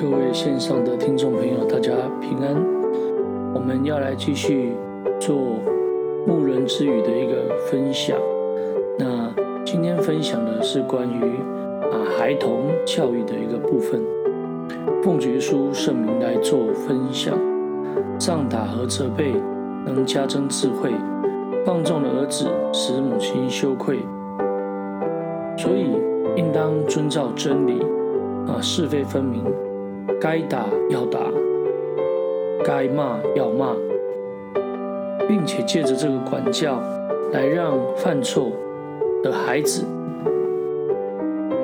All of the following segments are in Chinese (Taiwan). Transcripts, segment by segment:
各位線上的聽眾朋友，大家平安。我們要來繼續做牧人之語的一個分享。那今天分享的是關於啊孩童教育的一個部分。奉覺書聖名來做分享。杖打和責備能加增智慧，放縱的兒子使母親羞愧。所以應當遵照真理，啊是非分明。該打要打，該罵要罵，並且借着這個管教來讓犯錯的孩子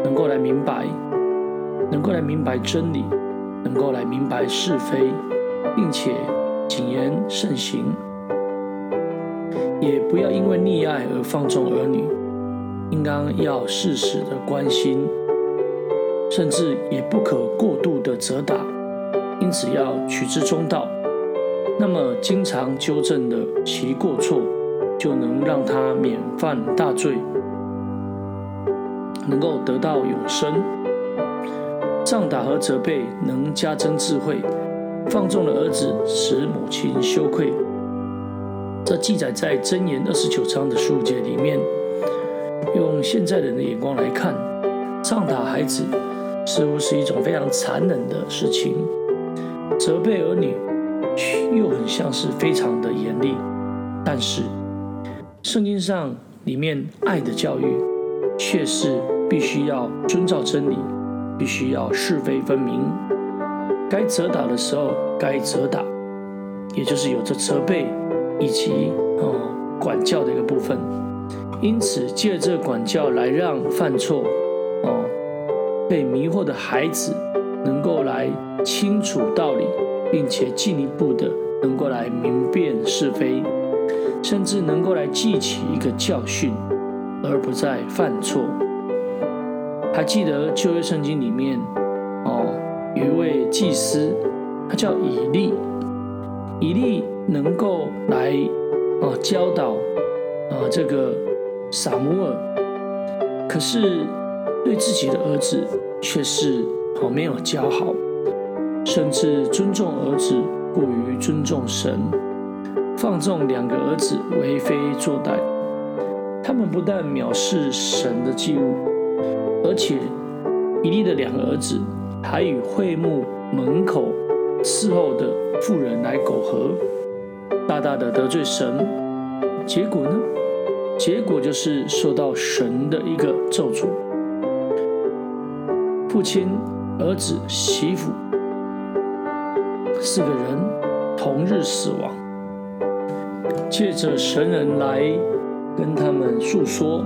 能夠來明白，能夠來明白真理，能夠來明白是非，並且謹言慎行。也不要因為溺愛而放縱兒女，應當要適時的關心。甚至也不可過度的責打，因此要取之中道。那麼經常糾正的其過錯，就能讓他免犯大罪，能夠得到永生。杖打和責備能加增智慧，放縱的兒子使母親羞愧。這記載在《箴言二十九章》的書節裡面。用現在人的眼光來看，杖打孩子。似乎是一種非常殘忍的事情，責備兒女又很像是非常的嚴厲。但是，聖經上裡面愛的教育，卻是必須要遵照真理，必須要是非分明。該責打的時候該責打，也就是有着責備以及哦管教的一個部分。因此，借着管教來讓犯錯哦。被迷惑的孩子能夠來清楚道理，並且進一步的能夠來明辨是非，甚至能夠來記起一個教訓，而不再犯錯。還記得舊約聖經裡面哦，有一位祭司，他叫以利，以利能夠來哦教導啊這個撒母耳。可是。對自己的兒子卻是好沒有教好，甚至尊重兒子過於尊重神，放縱兩個兒子為非作歹。他們不但藐視神的祭物，而且伊利的兩個兒子還與會幕門口伺候的婦人來苟合，大大的得罪神。結果呢？結果就是受到神的一個咒詛。父親、兒子、媳婦四個人同日死亡，借着神人來跟他們訴說，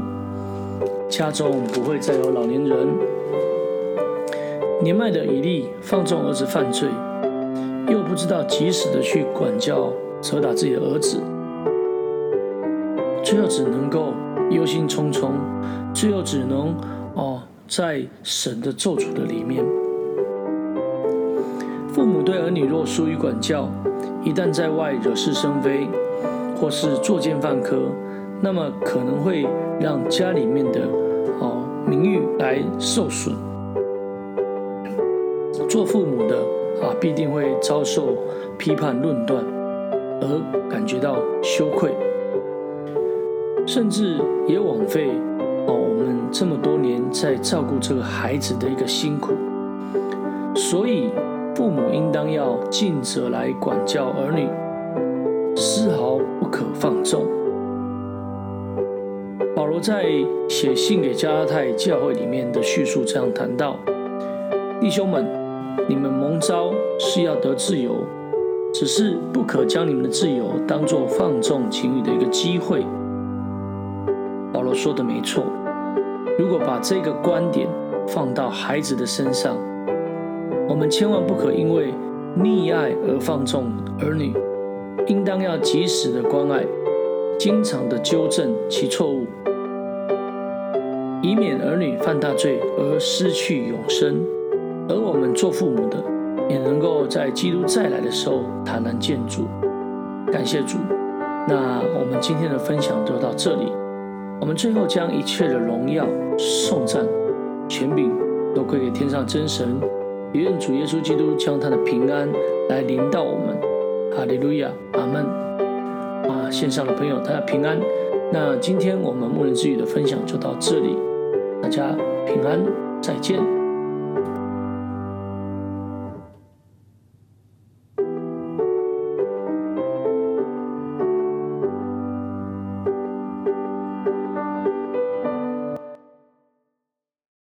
家中不會再有老年人。年邁的以利放縱兒子犯罪，又不知道及時的去管教，責打自己的兒子，最後只能夠憂心忡忡，最後只能哦。在神的咒詛的裡面，父母對兒女若疏於管教，一旦在外惹是生非，或是作奸犯科，那麼可能會讓家裡面的好名譽來受損。做父母的啊，必定會遭受批判論斷，而感覺到羞愧，甚至也枉費。哦，我們這麼多年在照顧這個孩子的一個辛苦，所以父母應當要盡責來管教兒女，絲毫不可放縱。保羅在寫信給加拉太教會裡面的敘述這樣談到：弟兄們，你們蒙召是要得自由，只是不可將你們的自由當做放縱情慾的一個機會。我說的沒錯。如果把這個觀點放到孩子的身上，我們千萬不可因為溺愛而放縱兒女，應當要及時的關愛，經常的糾正其錯誤，以免兒女犯大罪而失去永生。而我們做父母的，也能夠在基督再來的時候，坦然見主。感謝主。那我們今天的分享就到這裡。我們最後將一切的榮耀、頌讚、權柄都歸給天上真神，也願主耶穌基督將他的平安來臨到我們。哈利路亞，阿門。啊，線上的朋友，大家平安。那今天我們牧人之語的分享就到這裡，大家平安，再見。